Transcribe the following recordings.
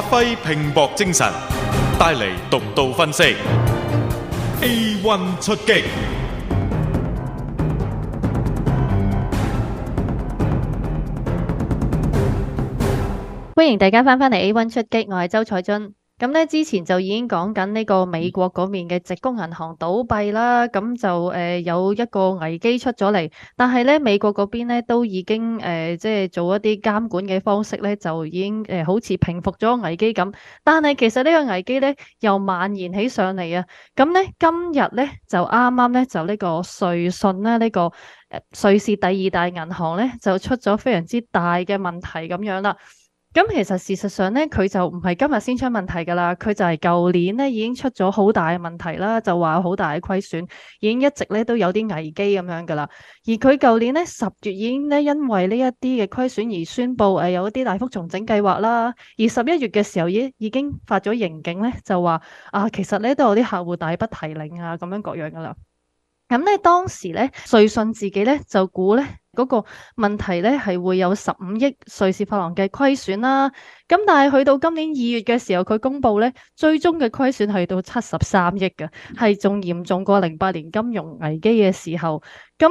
發揮拼搏精神，帶嚟獨到分析。A one 出擊，歡迎大家翻返嚟，A one 出擊，我係周彩俊。咁咧之前就已經講緊呢個美國嗰面嘅直工銀行倒閉啦，咁就誒有一個危機出咗嚟。但係咧美國嗰邊咧都已經誒即係做一啲監管嘅方式咧，就已經誒好似平復咗危機咁。但係其實呢個危機咧又蔓延起上嚟啊！咁咧今日咧就啱啱咧就呢個瑞信咧呢個瑞士第二大銀行咧就出咗非常之大嘅問題咁樣啦。咁其實事實上咧，佢就唔係今日先出問題㗎啦，佢就係舊年咧已經出咗好大嘅問題啦，就話有好大嘅虧損，已經一直咧都有啲危機咁樣㗎啦。而佢舊年咧十月已經咧因為呢一啲嘅虧損而宣布誒、呃、有一啲大幅重整計劃啦，而十一月嘅時候已已經發咗盈警咧就話啊，其實咧都有啲客戶大筆提領啊咁樣各樣㗎啦。咁咧、嗯、當時咧瑞信自己咧就估咧嗰個問題咧係會有十五億瑞士法郎嘅虧損啦，咁、嗯、但係去到今年二月嘅時候，佢公布咧最終嘅虧損係到七十三億嘅，係仲嚴重過零八年金融危機嘅時候，咁、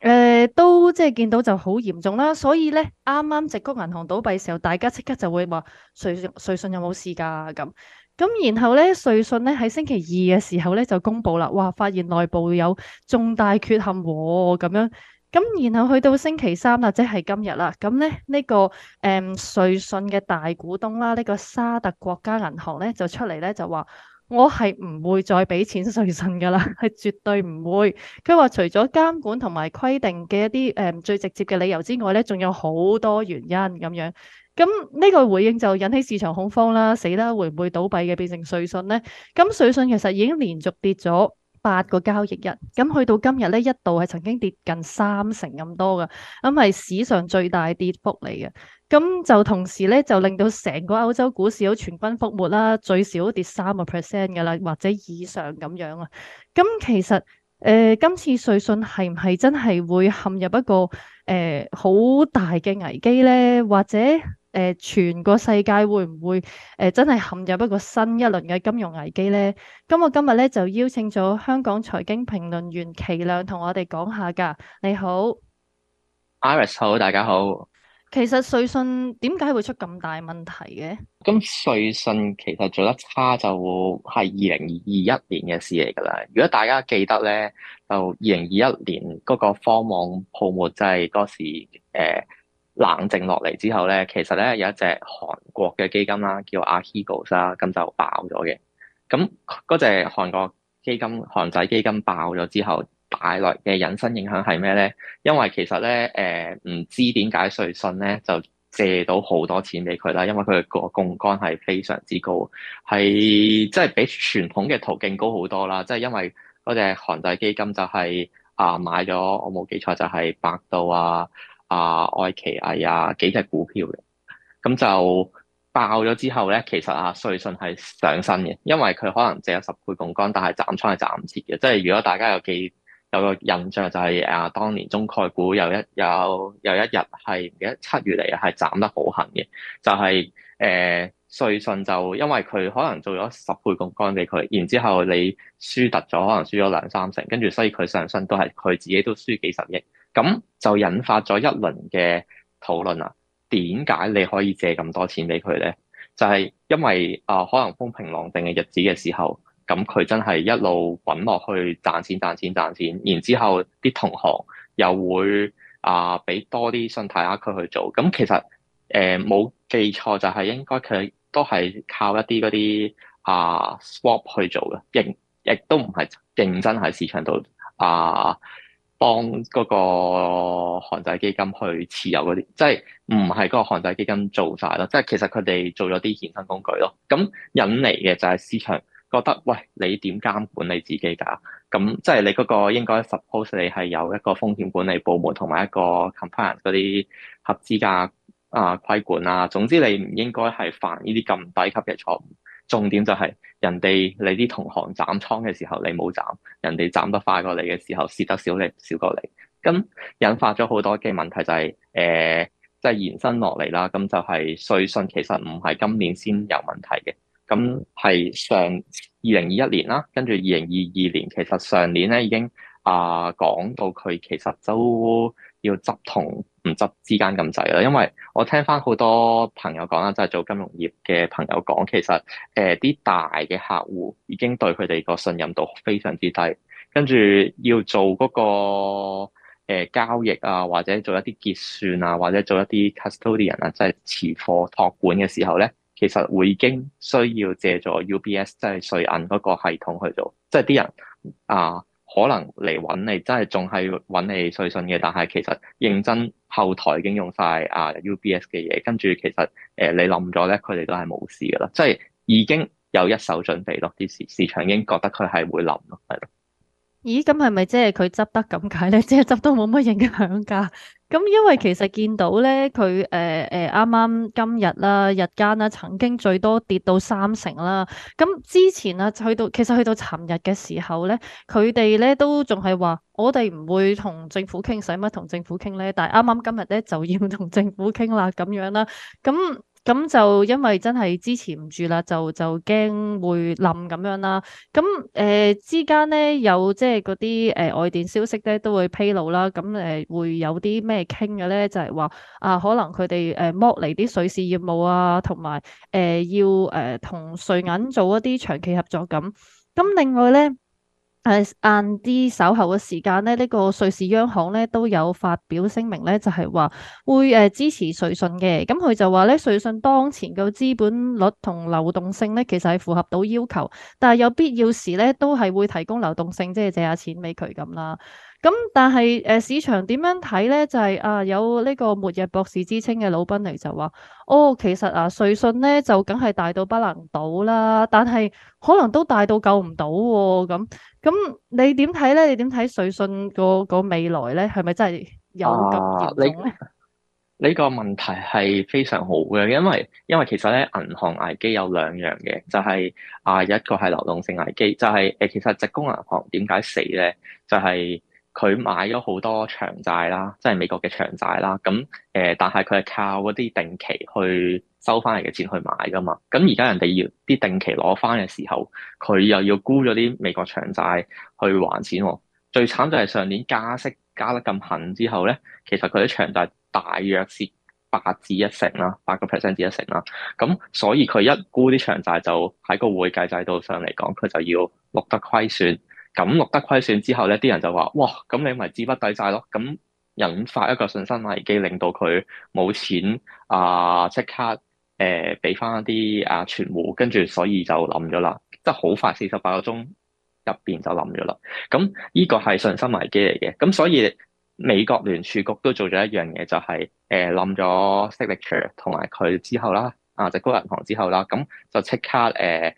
嗯、誒、呃、都即係見到就好嚴重啦，所以咧啱啱矽谷銀行倒閉時候，大家即刻就會話瑞瑞信有冇事㗎咁。咁然後呢，瑞信喺星期二嘅時候咧就公佈啦，哇！發現內部有重大缺陷喎，咁、哦、樣。咁然後去到星期三或者係今日啦。咁咧呢個誒、嗯、瑞信嘅大股東啦，呢個沙特國家銀行咧就出嚟咧就話：我係唔會再俾錢瑞信㗎啦，係 絕對唔會。佢話除咗監管同埋規定嘅一啲、嗯、最直接嘅理由之外咧，仲有好多原因咁樣。咁呢個回應就引起市場恐慌啦，死啦！會唔會倒閉嘅變成瑞信呢？咁瑞信其實已經連續跌咗八個交易日，咁去到今日咧一度係曾經跌近三成咁多㗎，咁係史上最大跌幅嚟嘅。咁就同時咧就令到成個歐洲股市都全軍覆沒啦，最少跌三個 percent 㗎喇，或者以上咁樣啊。咁其實誒、呃、今次瑞信係唔係真係會陷入一個誒好、呃、大嘅危機咧？或者？誒，全個世界會唔會誒真係陷入一個新一輪嘅金融危機呢？咁我今日咧就邀請咗香港財經評論員祁亮同我哋講下噶。你好，Iris，好，大家好。其實瑞信點解會出咁大問題嘅？咁瑞信其實做得差就係二零二一年嘅事嚟噶啦。如果大家記得咧，就二零二一年嗰個科網泡沫就係當時誒。呃冷靜落嚟之後咧，其實咧有一隻韓國嘅基金啦，叫 Archegos 啦、啊，咁就爆咗嘅。咁嗰隻韓國基金韓仔基金爆咗之後，帶來嘅引申影響係咩咧？因為其實咧誒唔知點解瑞信咧就借到好多錢俾佢啦，因為佢個槓桿係非常之高，係即係比傳統嘅途徑高好多啦。即係因為嗰隻韓仔基金就係、是、啊買咗，我冇記錯就係、是、百度啊。啊，愛奇藝啊，幾隻股票嘅，咁就爆咗之後咧，其實啊，瑞信係上身嘅，因為佢可能借咗十倍槓桿，但係斬倉係斬唔切嘅。即係如果大家有記有個印象，就係啊，當年中概股有一有有，有一日係唔記得七月嚟啊，係斬得好痕嘅。就係、是、誒、呃，瑞信就因為佢可能做咗十倍槓桿俾佢，然後之後你輸突咗，可能輸咗兩三成，跟住所以佢上身都係佢自己都輸幾十億。咁就引發咗一輪嘅討論啦。點解你可以借咁多錢俾佢咧？就係、是、因為啊、呃，可能風平浪靜嘅日子嘅時候，咁佢真係一路揾落去賺錢、賺錢、賺錢。然之後啲同行又會啊，俾、呃、多啲信貸額佢去做。咁其實誒冇、呃、記錯，就係應該佢都係靠一啲嗰啲啊 swap 去做嘅，亦亦都唔係認真喺市場度啊。呃幫嗰個韓仔基金去持有嗰啲，即係唔係嗰個韓仔基金做晒咯？即係其實佢哋做咗啲衍生工具咯。咁引嚟嘅就係市場覺得，喂，你點監管你自己㗎？咁即係你嗰個應該 suppose 你係有一個風險管理部門同埋一個 compliance 嗰啲合資格啊、呃、規管啦、啊。總之你唔應該係犯呢啲咁低級嘅錯誤。重點就係人哋你啲同行斬倉嘅時候，你冇斬；人哋斬得快過你嘅時候，蝕得少你，你少過你。咁引發咗好多嘅問題、就係呃，就係誒，即係延伸落嚟啦。咁就係瑞信其實唔係今年先有問題嘅，咁係上二零二一年啦，跟住二零二二年，其實上年咧已經啊、呃、講到佢其實都。要執同唔執之間咁滯啦，因為我聽翻好多朋友講啦，就係、是、做金融業嘅朋友講，其實誒啲、呃、大嘅客戶已經對佢哋個信任度非常之低，跟住要做嗰、那個、呃、交易啊，或者做一啲結算啊，或者做一啲 custodian 啊，即、就、係、是、持貨託管嘅時候咧，其實已經需要借助 UBS 即係瑞銀嗰個系統去做，即係啲人啊。呃可能嚟揾你，真係仲係揾你瑞信嘅，但係其實認真後台已經用晒啊 UBS 嘅嘢，跟住其實誒、呃、你冧咗咧，佢哋都係冇事噶啦，即係已經有一手準備咯，啲市市場已經覺得佢係會冧咯，係咯。咦，咁係咪即係佢執得咁解咧？即係執得冇乜影響噶。咁因為其實見到咧，佢誒誒，啱啱今日啦，日間啦，曾經最多跌到三成啦。咁之前啊，去到其實去到尋日嘅時候咧，佢哋咧都仲係話，我哋唔會同政府傾，使乜同政府傾咧？但係啱啱今日咧就要同政府傾啦，咁樣啦，咁。咁就因為真係支持唔住啦，就就驚會冧咁樣啦。咁誒、呃、之間咧有即係嗰啲誒外電消息咧都會披露啦。咁誒、呃、會有啲咩傾嘅咧？就係、是、話啊，可能佢哋誒剝離啲瑞士業務啊，同埋誒要誒同、呃、瑞銀做一啲長期合作咁。咁另外咧。誒，晏啲稍後嘅時間咧，呢個瑞士央行咧都有發表聲明咧，就係話會誒支持瑞信嘅。咁佢就話咧，瑞信當前嘅資本率同流動性咧，其實係符合到要求，但係有必要時咧，都係會提供流動性，即係借下錢俾佢咁啦。咁但係誒市場點樣睇咧？就係、是、啊，有呢個末日博士之稱嘅魯賓尼就話：哦，其實啊，瑞信咧就梗係大到不能倒啦，但係可能都大到救唔到喎。咁咁你點睇咧？你點睇瑞信個個未來咧？係咪真係有咁急？呢、啊、個問題係非常好嘅，因為因為其實咧銀行危機有兩樣嘅，就係、是、啊，一個係流動性危機，就係、是、誒其實直供銀行點解死咧？就係、是佢買咗好多長債啦，即係美國嘅長債啦。咁誒、呃，但係佢係靠嗰啲定期去收翻嚟嘅錢去買噶嘛。咁而家人哋要啲定期攞翻嘅時候，佢又要沽咗啲美國長債去還錢、啊。最慘就係上年加息加得咁狠之後咧，其實佢啲長債大約蝕八至一成啦，八個 percent 至一成啦。咁所以佢一沽啲長債就喺個會計制度上嚟講，佢就要錄得虧損。咁錄得虧損之後咧，啲人就話：哇！咁你咪資不抵債咯。咁引發一個信心危機，令到佢冇錢啊，即、呃、刻誒俾翻一啲啊存戶，跟、呃、住所以就冧咗啦。即係好快，四十八個鐘入邊就冧咗啦。咁呢個係信心危機嚟嘅。咁所以美國聯儲局都做咗一樣嘢、就是，就係誒冧咗 Signature 同埋佢之後啦，啊，就是、高銀行之後啦，咁就即刻誒、呃、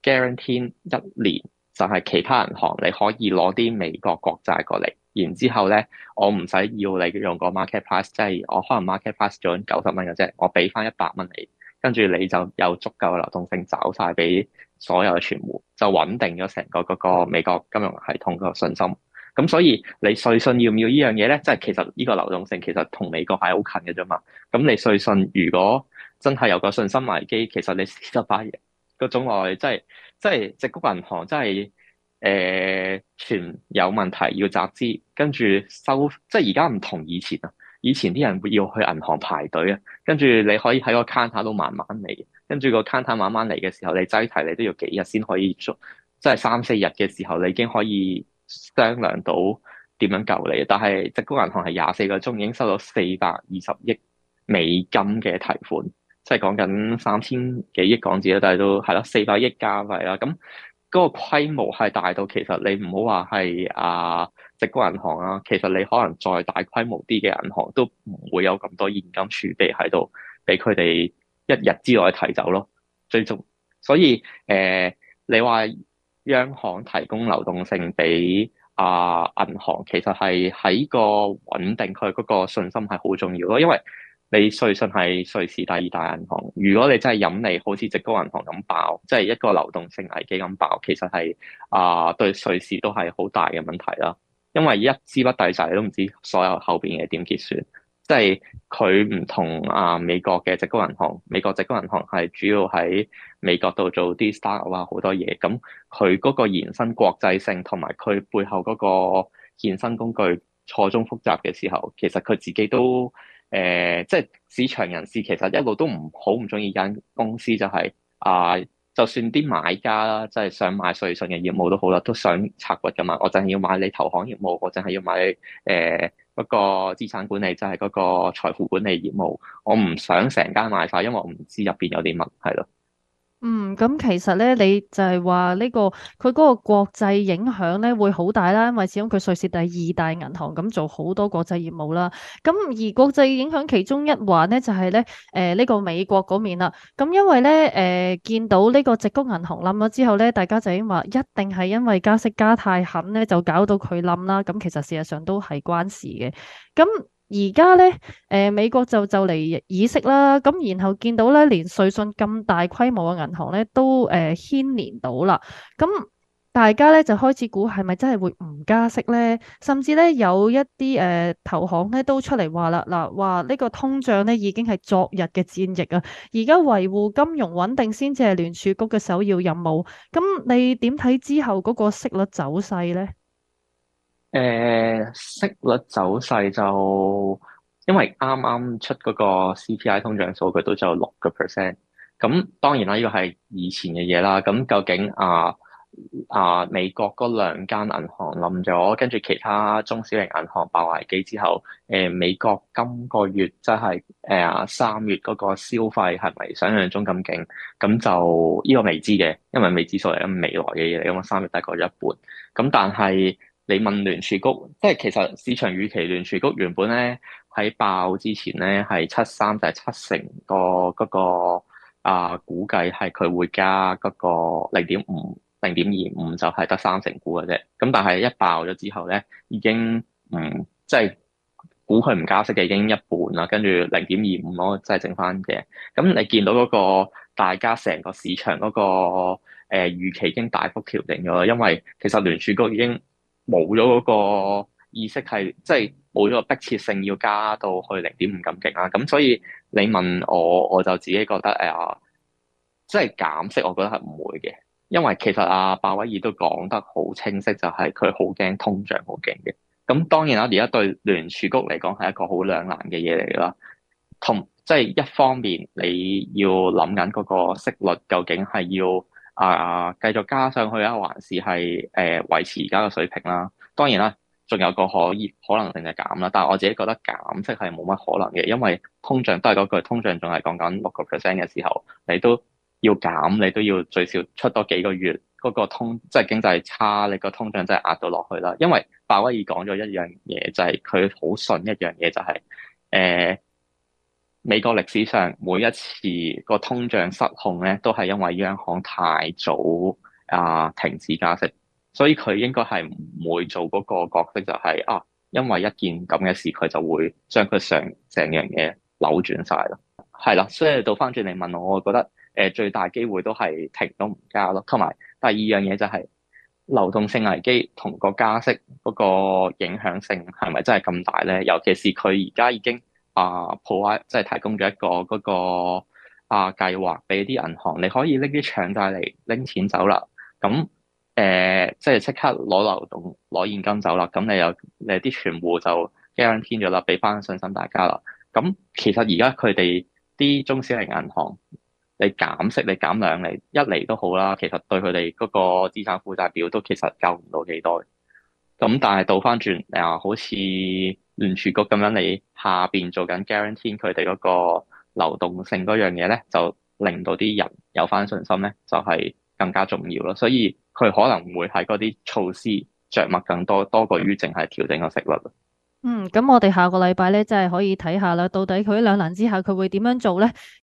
guarantee 一年。就係其他銀行，你可以攞啲美國國債過嚟，然之後咧，我唔使要你用個 market pass 即係我可能 market pass 咗九十蚊嘅啫，我俾翻一百蚊你，跟住你就有足夠嘅流動性找晒俾所有嘅存戶，就穩定咗成個嗰個美國金融系統個信心。咁所以你瑞信要唔要樣呢樣嘢咧？即係其實呢個流動性其實同美國係好近嘅啫嘛。咁你瑞信如果真係有個信心危機，其實你四十百嘢嗰種外，即係即係直股銀行，即係。誒，存、呃、有問題要集資，跟住收，即係而家唔同以前啊！以前啲人會要去銀行排隊啊，跟住你可以喺個 counter 度慢慢嚟，跟住個 counter 慢慢嚟嘅時候，你擠提你都要幾日先可以出，即係三四日嘅時候，你已經可以商量到點樣救你。但係，矽谷銀行係廿四個鐘已經收到四百二十億美金嘅提款，即係講緊三千幾億港紙啦，但係都係咯，四百億加幣啦，咁。嗰個規模係大到其實你唔好話係啊，直沽銀行啊，其實你可能再大規模啲嘅銀行都唔會有咁多現金儲備喺度，俾佢哋一日之內提走咯。最重要所以誒、呃，你話央行提供流動性俾啊銀行，其實係喺個穩定佢嗰個信心係好重要咯，因為。你瑞信係瑞士第二大銀行，如果你真係引嚟好似直高銀行咁爆，即係一個流動性危機咁爆，其實係啊、呃、對瑞士都係好大嘅問題啦。因為一資不抵債、就是、都唔知所有後邊嘅點結算，即係佢唔同啊美國嘅直高銀行，美國直高銀行係主要喺美國度做啲 start up 啊好多嘢，咁佢嗰個延伸國際性同埋佢背後嗰個衍生工具錯綜複雜嘅時候，其實佢自己都。誒、呃，即係市場人士其實一路都唔好唔中意間公司、就是，就係啊，就算啲買家啦，即係想買瑞信嘅業務都好啦，都想拆骨㗎嘛。我淨係要買你投行業務，我淨係要買誒嗰、呃嗰個資產管理，就係、是、嗰個財富管理業務。我唔想成間買曬，因為我唔知入邊有啲乜，係咯。咁其實咧，你就係話呢個佢嗰個國際影響咧，會好大啦，因為始終佢瑞士第二大銀行咁，做好多國際業務啦。咁而國際影響其中一環咧，就係咧，誒呢個美國嗰面啦。咁因為咧，誒見到呢個矽谷銀行冧咗之後咧，大家就已經話一定係因為加息加太狠咧，就搞到佢冧啦。咁其實事實上都係關事嘅。咁而家咧，誒、呃、美國就就嚟議息啦，咁然後見到咧，連瑞信咁大規模嘅銀行咧都誒、呃、牽連到啦，咁、嗯、大家咧就開始估係咪真係會唔加息咧？甚至咧有一啲誒、呃、投行咧都出嚟話啦，嗱話呢個通脹咧已經係昨日嘅戰役啊，而家維護金融穩定先至係聯儲局嘅首要任務。咁、嗯、你點睇之後嗰個息率走勢咧？誒，息率走勢就，因為啱啱出嗰個 CPI 通脹數據都就六個 percent，咁當然啦，呢個係以前嘅嘢啦。咁究竟啊啊美國嗰兩間銀行冧咗，跟住其他中小型銀行爆危機之後，誒、呃、美國今個月即係誒三月嗰個消費係咪想象中咁勁？咁就呢、呢個未知嘅，因為未知數嚟咁未來嘅嘢嚟，咁三月都係過咗一半，咁但係。你問聯儲局，即係其實市場預期聯儲局原本咧喺爆之前咧係七三，就係七成，嗰個嗰個啊估計係佢會加嗰個零點五、零點二五，就係得三成股嘅啫。咁但係一爆咗之後咧，已經唔、嗯、即係估佢唔加息嘅已經一半啦，跟住零點二五咯，即係剩翻嘅。咁你見到嗰個大家成個市場嗰、嗰個誒、呃、預期已經大幅調整咗啦，因為其實聯儲局已經。冇咗嗰個意識係，即係冇咗個迫切性要加到去零點五咁勁啦。咁所以你問我，我就自己覺得誒、呃，即係減息，我覺得係唔會嘅。因為其實阿、啊、鮑威爾都講得好清晰，就係佢好驚通脹好勁嘅。咁當然啦，而家對聯儲局嚟講係一個好兩難嘅嘢嚟㗎啦。同即係一方面你要諗緊嗰個息率究竟係要。啊啊！繼續加上去啊，還是係誒、呃、維持而家嘅水平啦。當然啦，仲有個可以可能性係減啦。但係我自己覺得減息係冇乜可能嘅，因為通脹都係嗰句，通脹仲係講緊六個 percent 嘅時候，你都要減，你都要最少出多幾個月嗰、那個通，即、就、係、是、經濟差，你個通脹真係壓到落去啦。因為鮑威爾講咗一樣嘢，就係佢好信一樣嘢，就係、是、誒。呃美國歷史上每一次個通脹失控咧，都係因為央行太早啊停止加息，所以佢應該係唔會做嗰個角色、就是，就係啊，因為一件咁嘅事，佢就會將佢成成樣嘢扭轉晒咯。係啦，所以到翻轉嚟問我，我覺得誒最大機會都係停都唔加咯。同埋第二樣嘢就係、是、流動性危機同個加息嗰個影響性係咪真係咁大咧？尤其是佢而家已經。啊 provide 即係提供咗一個嗰個啊、uh, 計劃俾啲銀行，你可以拎啲長債嚟拎錢走啦。咁誒，即係即刻攞流動攞現金走啦。咁你又你啲存戶就驚天咗啦，俾翻信心大家啦。咁其實而家佢哋啲中小型銀行，你減息你減兩厘，一厘都好啦。其實對佢哋嗰個資產負債表都其實夠唔到幾多。咁但係倒翻轉啊，好似聯儲局咁樣，你下邊做緊 guarantee 佢哋嗰個流動性嗰樣嘢咧，就令到啲人有翻信心咧，就係、是、更加重要咯。所以佢可能會喺嗰啲措施着墨更多，多過於淨係調整個息率。嗯，咁我哋下個禮拜咧，真係可以睇下啦，到底佢兩難之下佢會點樣做咧？